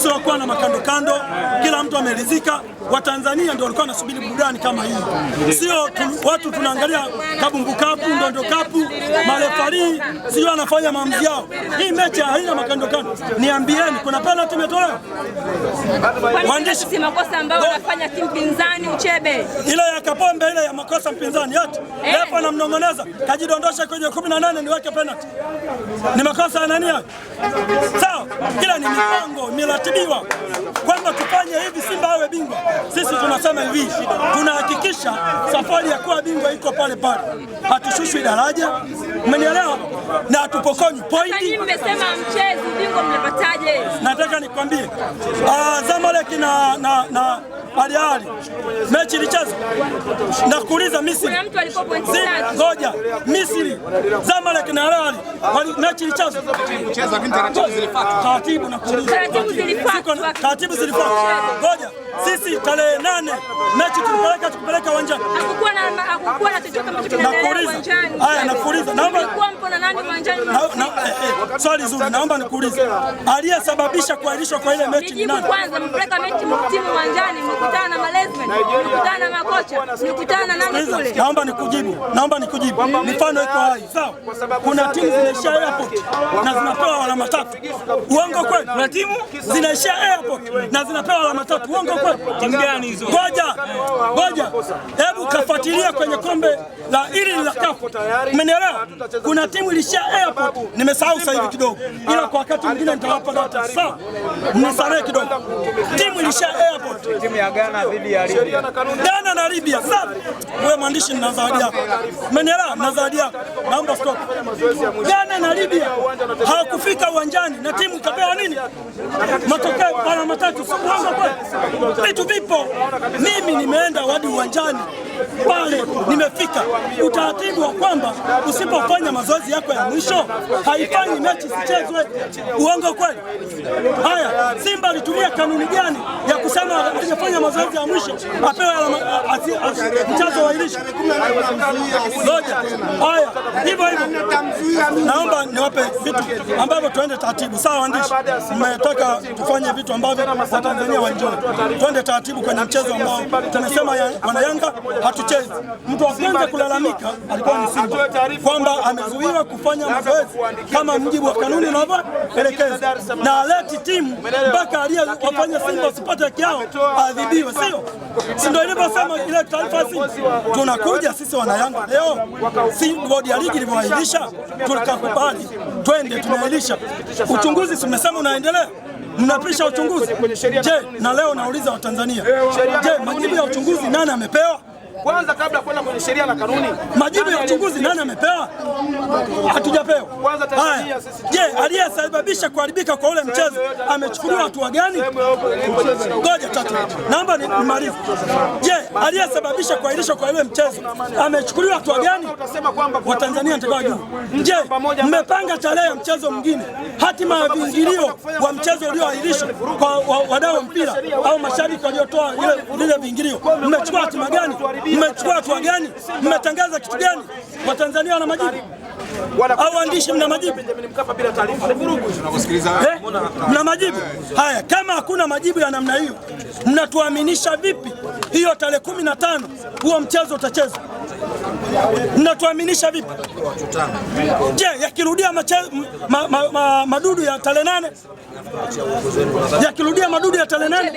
isiyokuwa na makandokando, kila mtu ameridhika. Watanzania ndio walikuwa wanasubiri burudani kama hii, sio watu tunaangalia kabungu kapu ndondo kapu watalii sio anafanya maamuzi yao. Hii mechi haina makando kando. Niambieni, kuna penalty imetolewa waandishi, si makosa ambayo anafanya timu pinzani. Uchebe ile ya Kapombe ile ya makosa mpinzani yote hapo, eh, namnong'oneza kajidondosha kwenye 18 niweke penalty, ni makosa ya nani hayo? Sawa, kila ni mipango imeratibiwa kwamba tufanye hivi, Simba awe bingwa. Sisi tunasema hivi, tunahakikisha safari ya kuwa bingwa iko pale pale, hatushushwi daraja, umenielewa na Pointi mmesema mchezo bingo mlipataje? Nataka nikwambie ah, Zamalek na na na Al mechi ilichezwa, nakuuliza Misri, ngoja Misri, Zamalek na Al Ahly mechi ilichezwa taratibu, nakuuliza taratibu zilifuatwa. Ngoja sisi tarehe nane mechi tulipeleka tukupeleka uwanjani, nakuuliza nakuuliza naomba Swali zuri, naomba nikuulize, aliyesababisha kuahirishwa kwa ile mechi ni nani? Kwanza mpeleka mechi timu uwanjani, mkutana na management, mkutana na makocha, mkutana na nani kule? Naomba nikujibu, naomba nikujibu. Mifano iko hai, sawa? Kuna timu zinaishia airport na zinapewa alama tatu, uongo kweli? Kuna timu zinaishia airport na zinapewa alama tatu, uongo kweli? Timu gani hizo? Ngoja ngoja, hebu kafuatilia kwenye kombe la ili la kafu, umenielewa? Kuna timu ilishia airport nimesahau sasa hivi kidogo, ila kwa wakati mwingine nitawapa data. Sawa, mnisamehe kidogo, timu ilisha airport, timu ya Ghana dhidi ya Libya, Ghana na Libya. Sawa, wewe mwandishi, nina zawadi yako, umenielewa? Na zawadi yako naomba stop. Ghana na Libya hawakufika uwanjani na timu ikapewa nini? Matokeo bana matatu, sio Vitu vipo, mimi nimeenda wadi uwanjani pale, nimefika utaratibu wa kwamba usipofanya mazoezi yako ya mwisho hai haifanyi mechi zichezwe uongo kweli? Haya, Simba alitumia kanuni gani ya kusema atakayefanya mazoezi ya mwisho apewe mchezo wailishwe? Ngoja haya, hivyo hivyo, naomba niwape vitu ambavyo tuende taratibu. Sawa, waandishi, mmetaka tufanye vitu ambavyo Watanzania waenjoy. Twende taratibu kwenye mchezo ambao tumesema wana Yanga hatuchezi. Mtu wa kwanza kulalamika alikuwa ni Simba kwamba amezuiwa kufanya mazoezi kama mjibu wa kanuni unavyoelekeza, na aleti timu mpaka wafanya Simba wasipate haki yao sio si ndio ilivyosema ile taarifa? Tunakuja sisi wana leo, si bodi ya ligi ilivyoahidisha, tukakubali twende, tumeahidisha uchunguzi, tumesema unaendelea mnapisha uchunguzi. Je, na leo nauliza Watanzania, je, majibu ya uchunguzi nani amepewa? kwanza kabla kwenda kwenye sheria na kanuni. Majibu ya uchunguzi nani amepewa? Hatujapewa. Kwanza Tanzania sisi. Je, aliyesababisha kuharibika kwa ule mchezo amechukuliwa hatua gani? Ngoja tatu. Naomba nimalize. Je, aliyesababisha kuahirishwa kwa ule mchezo amechukuliwa hatua gani? Watanzania ndio juu Je, mmepanga tarehe ya mchezo mwingine hatima ya viingilio wa mchezo ulioahirishwa kwa wadau wa mpira au mashabiki waliotoa vile viingilio. Mmechukua hatima gani? Mmechukua hatua gani? Mmetangaza kitu gani? Watanzania wana majibu au waandishi mna majibu? Eh? Mna majibu haya? Kama hakuna majibu ya namna hiyo, mnatuaminisha vipi hiyo tarehe kumi na tano huo mchezo utachezwa? Mnatuaminisha vipi? Je, yakirudia ma, ma, ma, madudu ya tarehe nane yakirudia madudu ya tarehe nane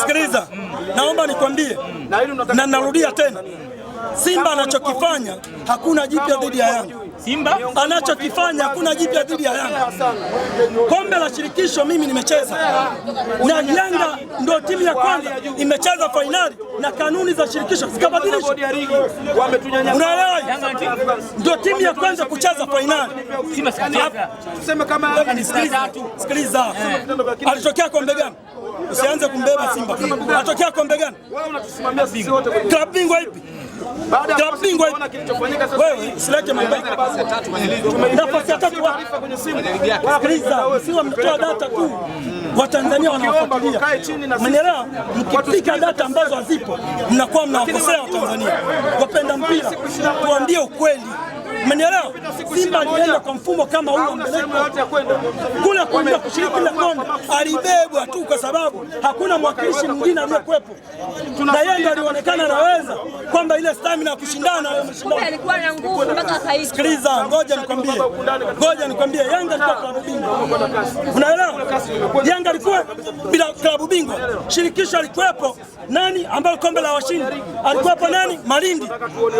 Sikiliza, naomba nikwambie mm. na narudia tena, Simba anachokifanya hakuna jipya dhidi ya Yanga. Simba anachokifanya hakuna jipya dhidi ya Yanga. Kombe la shirikisho mimi nimecheza na Yanga, ndio timu ya kwanza imecheza fainali na kanuni za shirikisho zikabadilishwa, unaelewa? Ndio timu ya kwanza kucheza fainali. Yaani, sikiliza, eh. alitokea kombe gani? Usianze kumbeba Simba, atokea kombe gani? klabu bingwa ipi? baada ya kuona kilichofanyika wewe usilete Nafasi ya tatu kwenye simu siwa mtoa data tu, Watanzania wanawafuatilia, mnaelewa. Mkipika data ambazo hazipo, mnakuwa mnawakosea Watanzania wapenda mpira. Tuambie ukweli. Umenielewa? Simba alienda kwa mfumo kama huo kule kwenda kushiriki ile kombe, alibebwa tu kwa sababu hakuna mwakilishi mwingine aliyekuwepo, na yeye ndiye alionekana anaweza kwamba ile stamina ya kushindana. nguvu Sikiliza, ngoja nikwambie, ngoja nikwambie, Yanga alikuwa klabu bingwa, unaelewa? Yanga alikuwa bila klabu bingwa, shirikisho alikuwepo nani ambayo kombe la washindi alikuwepo nani? Malindi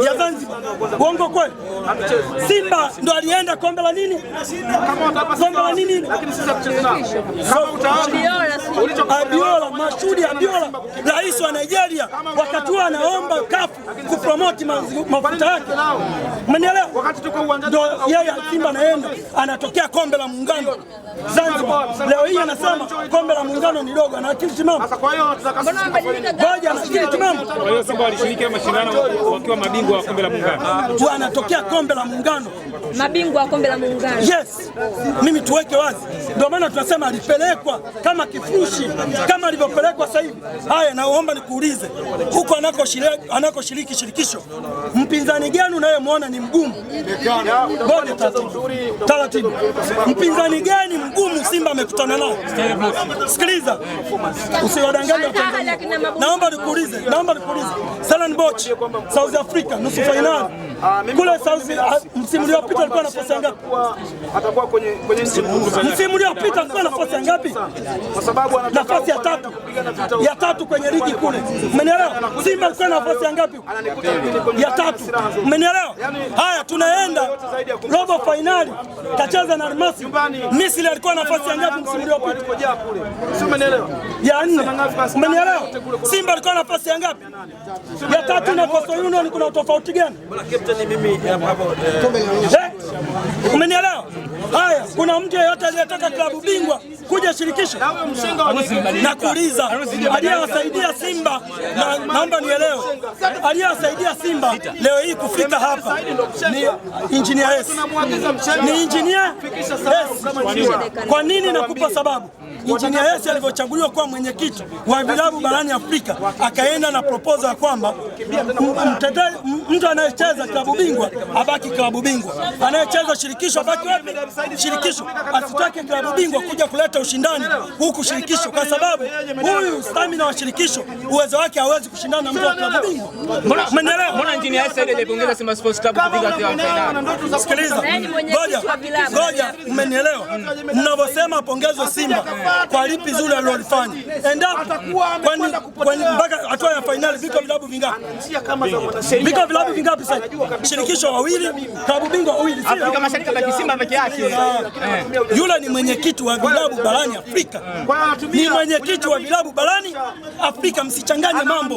ya Zanzibar, uongo kweli? Simba ndo alienda kombe la nini, kombe la nini, Abiola Mashudi Abiola, rais wa Nigeria, wakati huo anaomba kafu kupromoti mafuta yake, umenielewa? Ndo yeye Simba anaenda anatokea kombe la muungano Zanzibar, leo hii anasema kombe la muungano ni dogo, ana akili timamu moja, ana timamu. Kwa hiyo Simba walishiriki mashindano wakiwa mabingwa wa kombe la muungano, anatokea kombe la Muungano, mabingwa wa kombe la Muungano. Yes, mimi tuweke wazi, ndio maana tunasema alipelekwa kama kifushi kama alivyopelekwa sasa hivi. Haya, naomba nikuulize, huko anakoshiriki shirikisho, mpinzani gani unayemwona ni mgumu? Ngoja taratibu, mpinzani gani mgumu Simba amekutana nao? Sikiliza, usiwadanganye Watanzania. Naomba nikuulize, naomba nikuulize, Stellenbosch South Africa nusu fainali kule South ah, msimu uliopita alikuwa na nafasi ngapi? Atakuwa kwenye kwenye msimu uliopita alikuwa na nafasi ngapi? Kwa sababu anataka nafasi ya tatu. Ya tatu kwenye ligi kule. Umenielewa? Simba alikuwa na nafasi ngapi? Ya tatu. Umenielewa? Haya tunaenda robo finali. tacheza na Almasi Misri alikuwa na nafasi ngapi msimu uliopita? Sio umenielewa? Ya nne. Umenielewa? Simba alikuwa na nafasi ngapi? Ya tatu na Coastal Union kuna tofauti gani? yote ni mimi hapo. Eh. Eh? Umenielewa? Haya, kuna mtu yeyote aliyetaka klabu bingwa kuja shirikisho? Nakuuliza, aliyewasaidia Simba na, naomba nielewe, aliyewasaidia Simba leo hii kufika hapa ni injinia S, ni injinia S. Kwa nini? Nakupa sababu Injinia Hersi alivyochaguliwa kuwa mwenyekiti wa vilabu barani Afrika akaenda na proposal ya kwamba mtu anayecheza klabu bingwa abaki klabu bingwa, anayecheza shirikisho abaki wapi? shirikisho asitake klabu bingwa kuja kuleta ushindani huku yaani shirikisho, kwa sababu huyu stamina wa shirikisho uwezo wake hawezi kushindana na mtu wa klabu bingwa. Mbona umeelewa? Mbona injinia Hersi Said alipongeza Simba Sports Club kupiga hatua ya fainali? Sikiliza, yaani ngoja ngoja, umenielewa? Yaani Mnavyosema pongezwe Simba kwa lipi zuri alilofanya, endapo kwani kwani mpaka hatua ya fainali viko vilabu vingapi? Viko vilabu vingapi sasa? Shirikisho wawili, klabu bingwa wawili, Afrika Mashariki baki Simba peke yake. Yule ni mwenyekiti wa vilabu barani Afrika, ni mwenyekiti wa vilabu barani Afrika usichanganye mambo.